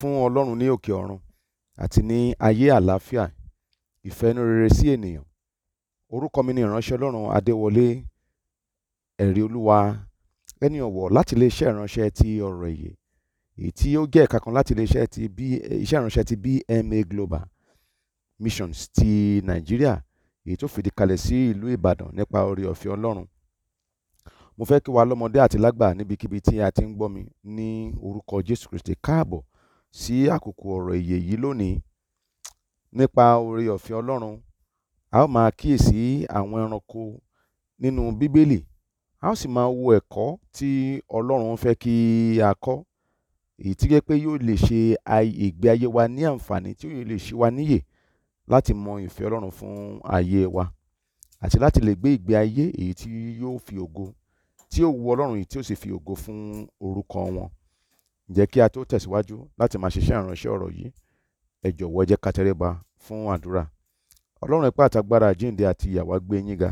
fún ọlọ́run ní òkè ọ̀run àti ní ayé àlàáfíà ìfẹ́ inú rere sí ènìyàn orúkọ mi ni ìránṣẹ́ ọlọ́run adéwọlé ẹ̀rí olúwa ẹni ọ̀wọ̀ láti iléeṣẹ́ ìránṣẹ́ ti ọ̀rọ̀ èyí èyí tí ó jẹ́ ẹ̀ka kan láti iléeṣẹ́ ti iṣẹ́ ìránṣẹ́ ti BMA Global Missions ti nàìjíríà èyí tó fìdí kalẹ̀ sí ìlú ìbàdàn nípa oore ọ̀fẹ́ ọlọ́run mo fẹ́ kí wa lọ́mọdé àti lágbà níbikíbi tí a ti ń gbọ́ mi ní orúkọ jésù kristi káàbọ̀ sí àkókò ọ̀rọ̀ ìyè yìí lónìí nípa oore ọ̀fẹ́ Ọlọ́run a ó máa kíyèsí àwọn ẹranko nínú Bíbélì a ó sì máa wo ẹ̀kọ́ tí Ọlọ́run fẹ́ kí a kọ́ èyí tí jẹ́ pé yóò lè ṣe ìgbé ayé wa ní àǹfààní tí yóò lè ṣe wa níyè láti mọ ìfẹ́ Ọlọ́run fún ayé wa àti láti lè gbé ìgbé ayé èyí tí yóò fi ògo tí yóò wu Ọlọ́run yìí tí ó sì fi ògo fún orúkọ wọn ǹjẹ́ kí a tó tẹ̀síwájú láti máa ṣiṣẹ́ ìránṣẹ́ ọ̀rọ̀ yìí ẹ jọ̀wọ́ jẹ́ ká tẹríba fún àdúrà ọlọ́run ipá àtagbára àjíǹde àti ìyàwó gbé yín ga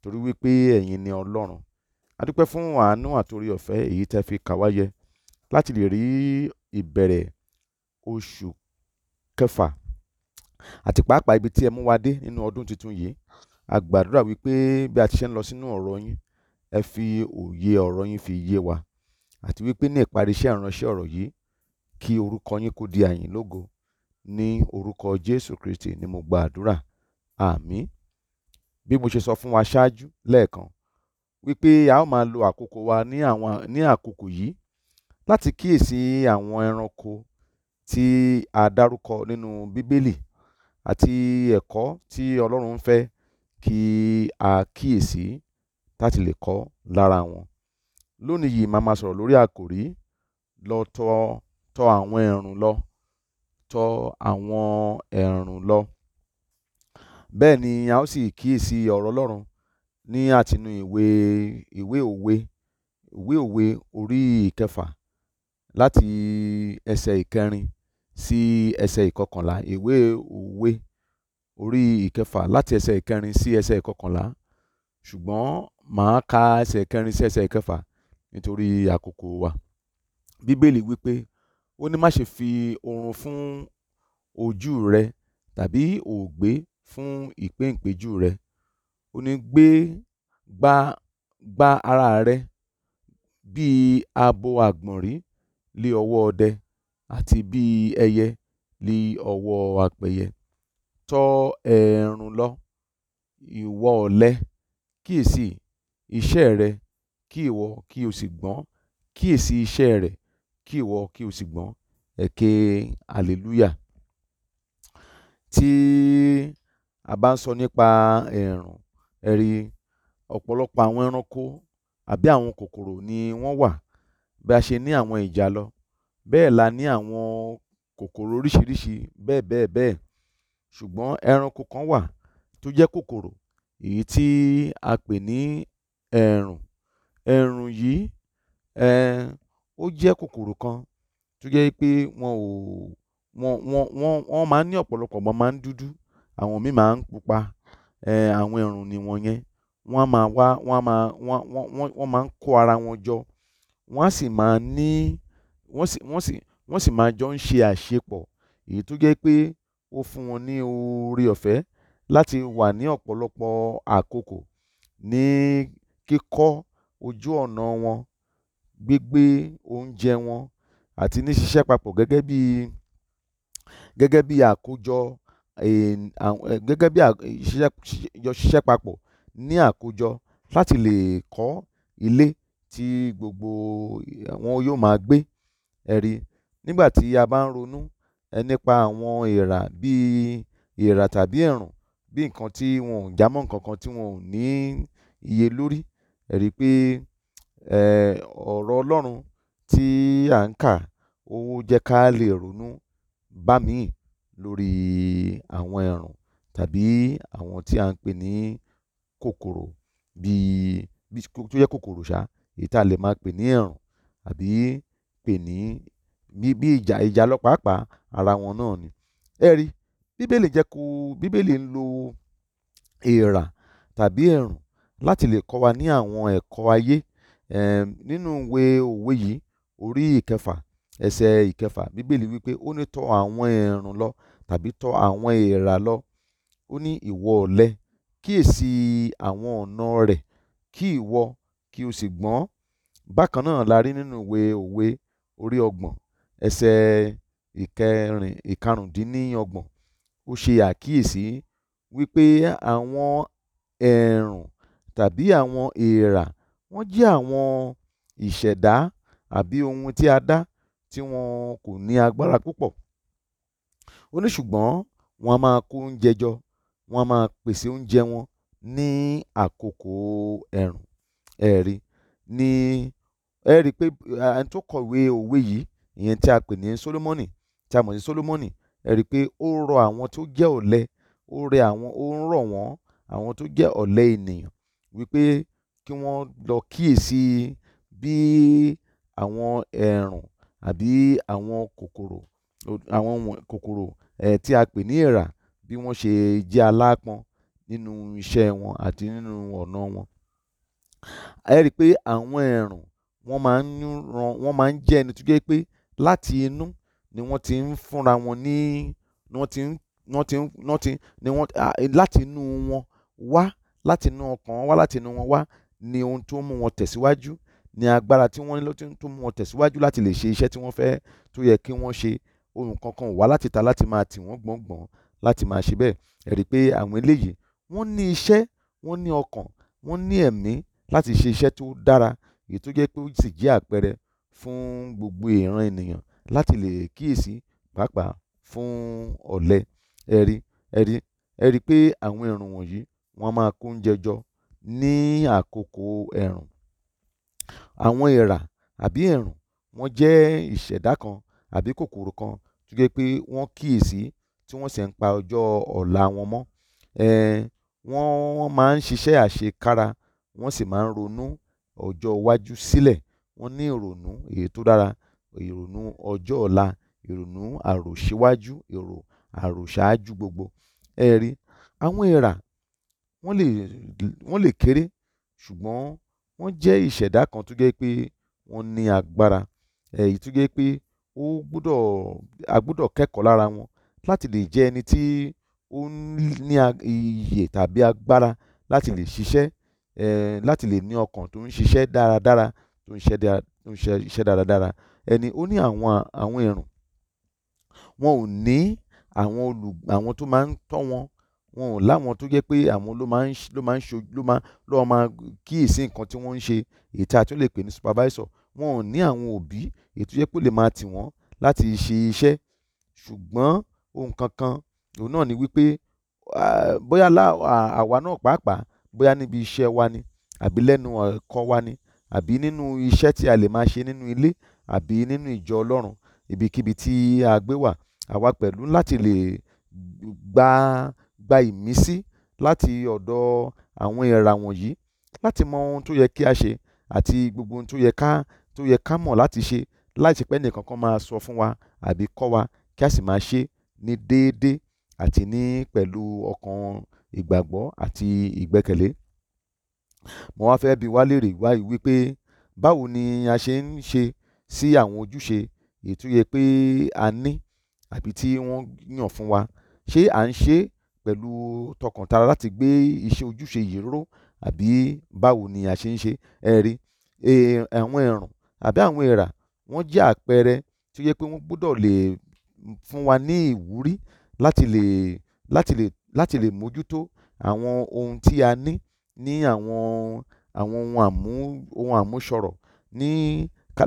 torí wípé ẹ̀yin ni ọlọ́run a dúpẹ́ fún àánú àtòrí ọ̀fẹ́ èyí tẹ́ fi kà wáyé láti lè rí ìbẹ̀rẹ̀ oṣù kẹfà àti pàápàá ibi tí ẹ mú wa dé nínú ọdún tuntun yìí a gbàdúrà wípé bí a ti ṣe ń lọ sínú ọ̀rọ̀ yín ẹ fi òye ọ̀rọ̀ yín fi yé wa àti wípé ní ìparí iṣẹ́ ìránṣẹ́ ọ̀rọ̀ yìí kí orúkọ yín kó di àyìn lógo ní orúkọ Jésù Kristi ni mo gba àdúrà àmín bí mo ṣe sọ fún wa ṣáájú lẹ́ẹ̀kan wípé a ó máa lo àkókò wa ní àwọn ní àkókò yìí láti kíyèsí àwọn ẹranko tí a dárúkọ nínú Bíbélì àti ẹ̀kọ́ tí Ọlọ́run ń fẹ́ kí a kíyèsí láti lè kọ́ lára wọn lónìí yìí màá máa sọ̀rọ̀ lórí àkòrí lọ tọ̀ tọ̀ àwọn ẹ̀rùn lọ tọ̀ àwọn ẹ̀rùn lọ bẹ́ẹ̀ ni a ó sì kíyèsí ọ̀rọ̀ Ọlọ́run ní àtinú ìwé ìwé òwe ìwé òwe orí ìkẹfà láti ẹsẹ̀ ìkẹrin sí ẹsẹ̀ ìkọkànlá ìwé òwe orí ìkẹfà láti ẹsẹ̀ ìkẹrin sí ẹsẹ̀ ìkọkànlá ṣùgbọ́n màá ka ẹsẹ̀ ìkẹrin sí ẹsẹ̀ ìkẹfà nítorí àkókò wa bíbélì wípé ó ní má ṣe fi oorun fún ojú rẹ tàbí òògbé fún ìpéǹpéjú rẹ ó ní gbé gba gba ara rẹ bíi abo àgbọ̀nrín lé ọwọ́ ọdẹ àti bíi ẹyẹ lé ọwọ́ apẹyẹ tọ̀ ẹ̀ẹ̀rùn lọ ìwọ ọ̀lẹ kíyèsí iṣẹ́ rẹ kí ìwọ kí o sì gbọ́n kíyèsí iṣẹ́ rẹ̀ kí ìwọ kí o sì gbọ́n ẹ ké hallelujah. Tí a bá ń sọ nípa ẹ̀rùn ẹ rí ọ̀pọ̀lọpọ̀ àwọn ẹranko àbí àwọn kòkòrò ni wọ́n wà bí a ṣe ní àwọn ìjàlọ bẹ́ẹ̀ la ní àwọn kòkòrò oríṣiríṣi bẹ́ẹ̀ bẹ́ẹ̀ bẹ́ẹ̀ ṣùgbọ́n ẹranko kan wà tó jẹ́ kòkòrò èyí tí a pè ní ẹ̀rùn ẹ̀rùn yìí um ó jẹ́ kòkòrò kan tó jẹ́ pé wọn ò wọn wọn wọn wọ́n máa ń ní ọ̀pọ̀lọpọ̀ wọ́n máa ń dúdú àwọn míì máa ń pupa um àwọn ẹ̀rùn nìwọ̀nyẹn wọ́n á máa wá wọ́n á máa wọ́n máa ń kó ara wọn jọ wọ́n sì máa ní wọ́n sì wọ́n sì wọ́n sì máa jọ ń ṣe àṣepọ̀ èyí tó jẹ́ pé ó fún wọn ní oore ọ̀fẹ́ láti wà ní ọ̀pọ̀lọpọ̀ àkókò ní kíkọ́ ojú ọ̀nà wọn gbígbé oúnjẹ wọn àti ní ṣíṣẹ́ papọ̀ gẹ́gẹ́ bí gẹ́gẹ́ bí àkójọ eh, eh, gẹ́gẹ́ bí ṣíṣẹ́ papọ̀ ní àkójọ láti lè kọ́ ilé tí gbogbo wọn yóò máa gbé ẹ̀rí nígbà tí a bá ń ronú nípa àwọn èèrà bíi èèrà tàbí ẹ̀rùn bí nǹkan tí wọn ò jámọ́ nǹkan kan tí wọn ò ní iye lórí ẹ̀rí pé um ọ̀rọ̀ Ọlọ́run tí à ń kà ó jẹ́ ká lè ronú bá míì lórí àwọn ẹ̀rùn tàbí àwọn tí à ń pè ní kòkòrò bíi bí tó jẹ́ kòkòrò ṣá èyí tá a lè máa pè ní ẹ̀rùn àbí pè ní bí ìjà ìjà lọ ara wọn náà ni. Ẹ rí Bíbélì jẹ́ kó Bíbélì ń lo èèrà tàbí ẹ̀rùn láti lè kọ́ wa ní àwọn ẹ̀kọ́ ayé um nínú ìwé òwe yìí orí ìkẹfà ẹsẹ̀ ìkẹfà bíbélì wípé ó ní tọ̀ àwọn ẹ̀rùn lọ tàbí tọ̀ àwọn èèrà lọ ó ní ìwọ ọ̀lẹ kíyèsí àwọn ọ̀nà rẹ̀ kí ìwọ kí o sì gbọ́n bákan náà la rí nínú ìwé òwe orí ọgbọ̀n ẹsẹ̀ ìkẹrin ìkarùndínlọ́gbọ̀n ó ṣe àkíyèsí wípé àwọn ẹ̀rùn tàbí àwọn èèrà wọ́n jẹ́ àwọn ìṣẹ̀dá àbí ohun tí a dá tí wọn kò ní agbára púpọ̀. ó ní ṣùgbọ́n wọ́n á máa kó oúnjẹ jọ wọ́n máa pèsè oúnjẹ wọn ní àkókò ẹ̀rùn ẹ̀rí ni ẹ rí i pé ẹni tó kọ̀wé òwe yìí ìyẹn tí a pè ní Sólómọ́nì tí a mọ̀ sí Sólómọ́nì ẹ pé ó rọ àwọn tó jẹ́ ọ̀lẹ ó rẹ àwọn ó ń rọ̀ wọ́n àwọn tó jẹ́ ọ̀lẹ ènìyàn wípé kí wọ́n lọ kíyèsí bí àwọn ẹ̀rùn àbí àwọn kòkòrò àwọn kòkòrò um tí a pè ní èèrà bí wọ́n ṣe jẹ́ aláápọn nínú iṣẹ́ wọn àti nínú ọ̀nà wọn. ẹ rí i pé àwọn ẹ̀rùn wọ́n máa ń ran wọ́n máa ń jẹ́ ẹni tó jẹ́ pé láti inú ni wọ́n ti ń fúnra wọn ní ni wọ́n ti ń wọ́n ti ń wọ́n ti ni wọ́n láti inú wọn wá láti inú ọkàn wá láti inú wọn wá ni ohun tó mú wọn tẹ̀síwájú ni agbára tí wọ́n ní tó mú wọn tẹ̀síwájú láti lè ṣe iṣẹ́ tí wọ́n fẹ́ tó yẹ kí wọ́n ṣe ohun kankan wá láti ta láti máa tì wọ́n gbọ̀ngbọ̀n láti máa ṣe bẹ́ẹ̀ ẹ rí i pé àwọn eléyìí wọ́n ní iṣẹ́ wọ́n ní ọkàn wọ́n ní ẹ̀mí láti ṣe iṣẹ́ tó dára èyí tó jẹ́ pé ó sì jẹ́ àpẹẹrẹ fún gbogbo ìran ènìyàn láti lè kíyèsí pàápàá fún ọ̀lẹ ẹ rí ẹ pé àwọn ìrùn wọ̀nyí wọ́n máa kó oúnjẹ jọ ní àkókò ẹ̀ẹ̀rùn. Àwọn èèrà àbí ẹ̀ẹ̀rùn wọ́n jẹ́ ìṣẹ̀dá kan àbí kòkòrò kan tó jẹ́ pé wọ́n kíyèsí tí wọ́n sì ń pa ọjọ́ ọ̀la wọn mọ́. um wọ́n máa ń ṣiṣẹ́ àṣekára wọ́n sì máa ń ronú ọjọ́ iwájú sílẹ̀. Wọ́n ní ìrònú èyí tó dára ìrònú ọjọ́ ọ̀la ìrònú àròṣíwájú èrò àròṣáájú gbogbo. Ẹ àwọn èèrà wọ́n lè wọ́n lè kéré ṣùgbọ́n wọ́n jẹ́ ìṣẹ̀dá kan tó jẹ́ pé wọ́n ní agbára èyí tó jẹ́ pé ó gbúdọ̀ a gbúdọ̀ kẹ́kọ̀ọ́ lára wọn láti lè jẹ́ ẹni tí ó ní iyè tàbí agbára láti lè ṣiṣẹ́ láti lè ní ọkàn tó ń ṣiṣẹ́ dáradára tó ń ṣiṣẹ́ dáradára ẹni ó ní àwọn àwọn ẹ̀rùn wọn ò ní àwọn olù tó máa ń tọ́ wọn wọn ò láwọn tó jẹ́ pé àwọn ló máa ń ló máa ń ṣojú ló máa ló máa kíyèsí nǹkan tí wọ́n ń ṣe èyí tí a tún lè pè ní supervisor wọn ò ní àwọn òbí èyí tó jẹ́ pé ó lè máa tì wọ́n láti ṣe iṣẹ́ ṣùgbọ́n ohun kankan òun náà ni wípé bóyá àwa náà pàápàá bóyá níbi iṣẹ́ wa ni àbí lẹ́nu ẹ̀kọ́ wa ni àbí nínú iṣẹ́ tí a lè máa ṣe nínú ilé àbí nínú ìjọ Ọlọ́run ibikíbi tí a gbé wà àwa pẹ̀lú láti lè gba gba ìmísí láti ọ̀dọ̀ àwọn èèrà wọ̀nyí láti mọ ohun tó yẹ kí a ṣe àti gbogbo ohun tó yẹ ká tó yẹ ká mọ̀ láti ṣe láìsí pé ẹnìkan kan máa sọ fún wa àbí kọ́ wa kí a sì máa ṣe ní déédéé àti ní pẹ̀lú ọkàn ìgbàgbọ́ àti ìgbẹ́kẹ̀lé. mo wá fẹ́ bi wá léèrè wáyé wípé báwo ni a ṣe ń ṣe sí àwọn ojúṣe èyí tó yẹ pé a ní àbí tí wọ́n yàn fún wa ṣé à ń ṣe é pẹ̀lú tọkàntara láti gbé iṣẹ́ ojúṣe yìí ró àbí báwo ni a ṣe ń ṣe ẹ rí e, àwọn ẹ̀rùn àbí àwọn èèrà wọ́n jẹ́ àpẹẹrẹ tí ó yẹ pé wọ́n gbọ́dọ̀ lè fún wa ní ìwúrí láti lè láti lè láti lè mójútó àwọn ohun tí a ní ní àwọn àwọn ohun àmú ohun àmúṣọrọ̀ ní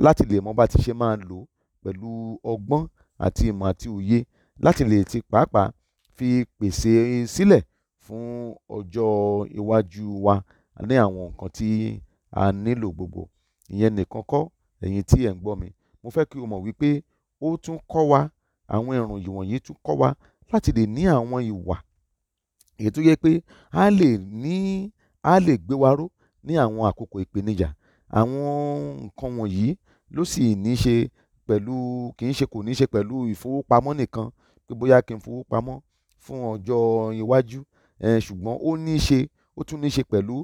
láti lè mọ bá ti ṣe máa lò pẹ̀lú ọgbọ́n àti ìmọ̀ àti òye láti lè ti pàápàá fi pèsè sílẹ̀ fún ọjọ́ iwájú wa ní àwọn nǹkan tí a nílò gbogbo. Ìyẹn nìkan kọ́ ẹ̀yin tí ẹ̀ ń gbọ́ mi. Mo fẹ́ kí o mọ̀ wípé ó tún kọ́ wa, àwọn ìrun ìwọ̀nyí tún kọ́ wa láti lè ní àwọn ìwà èyí tó yẹ pé a lè ní, a lè gbé wa ró ní àwọn àkókò ìpèníjà. Àwọn nǹkan wọ̀nyí ló sì ní ṣe pẹ̀lú, kì í ṣe kò ní ṣe pẹ̀lú ìfowópamọ́ nìkan pé bóyá kí n fowó fún ọjọ́ iwájú um ṣùgbọ́n ó ní í ṣe ó tún ní í ṣe pẹ̀lú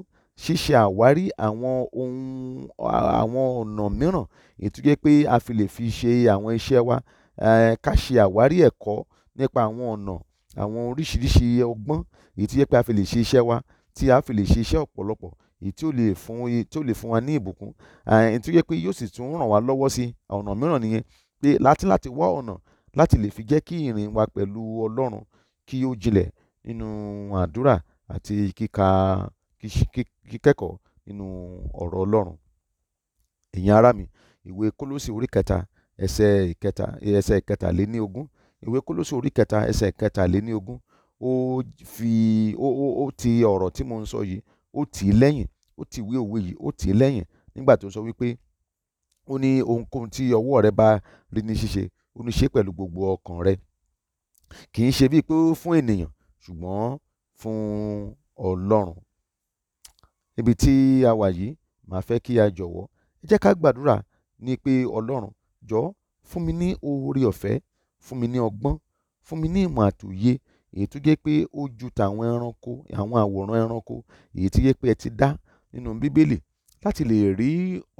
ṣíṣe àwárí àwọn ohun àwọn ọ̀nà mìíràn èyí pé a fi lè fi ṣe àwọn iṣẹ́ wa um ká ṣe àwárí ẹ̀kọ́ nípa àwọn ọ̀nà àwọn oríṣiríṣi ọgbọ́n èyí pé a fi lè ṣe iṣẹ́ wa tí a fi lè ṣe iṣẹ́ ọ̀pọ̀lọpọ̀ èyí tí ó lè fún tí ó lè fún wa ní ìbùkún èyí tó jẹ́ pé yóò sì tún ràn wá lọ́wọ́ sí ọ̀nà mìíràn nìyẹn pé láti láti wá ọ̀nà láti lè fi jẹ́ kí ìrìn wa pẹ̀lú Ọlọ́run kí ó jinlẹ̀ nínú àdúrà àti kíka kíkẹ́kọ̀ọ́ nínú ọ̀rọ̀ Ọlọ́run. Ẹ̀yin ará mi, ìwé Kólósì orí kẹta ẹsẹ̀ ìkẹta ẹsẹ̀ ìkẹtàléníogún ìwé Kólósì orí kẹta ẹsẹ̀ ìkẹtàléníogún ó fi ó ó ó ti ọ̀rọ̀ tí mo ń sọ yìí ó tì í lẹ́yìn ó ti ìwé òwe yìí ó tì í lẹ́yìn nígbà tó sọ wípé ó ní ohunkóhun tí ọwọ́ rẹ bá rí ní ṣíṣe ó ní ṣe pẹ̀lú gbogbo ọkàn rẹ kì í ṣe bíi pé fún ènìyàn ṣùgbọ́n fún ọlọ́run níbi tí a wà yìí màá fẹ́ kí a jọ̀wọ́ ẹ jẹ́ ká gbàdúrà ní pé ọlọ́run jọ fún mi ní oore ọ̀fẹ́ fún mi ní ọgbọ́n fún mi ní ìmọ̀ àtòyé èyí tó jẹ́ pé ó ju tàwọn ẹranko àwọn àwòrán ẹranko èyí tó jẹ́ pé ẹ ti dá nínú bíbélì láti lè rí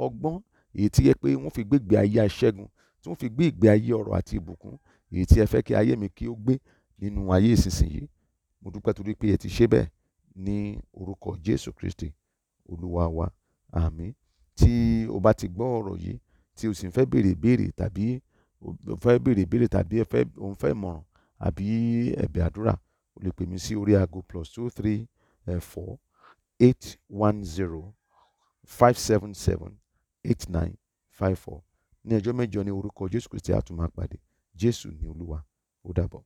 ọgbọ́n èyí tó jẹ́ pé wọ́n fi gbégbé ayé aṣẹ́gun tí wọ́n fi gbé ìgbé ayé ọrọ̀ àti ìbùkún èyí tí ẹ fẹ́ kí ayé mi kí ó gbé nínú ayé ìsinsìnyí mo dúpẹ́ torí pé ẹ ti ṣe bẹ́ẹ̀ ní orúkọ Jésù Kristi olúwa wa àmín tí o bá ti gbọ́ ọ̀rọ̀ yìí tí o sì ń fẹ́ béèrè béèrè tàbí o fẹ́ béèrè béèrè tàbí o ń fẹ́ ìmọ̀ràn àbí ẹ̀bẹ̀ àdúrà o lè pè mí sí orí aago plus two three eh, four eight one zero five seven seven eight nine five four ní ọjọ́ mẹ́jọ ní orúkọ Jésù Kristi a tún Jésù ni Olúwa ó dàbọ̀.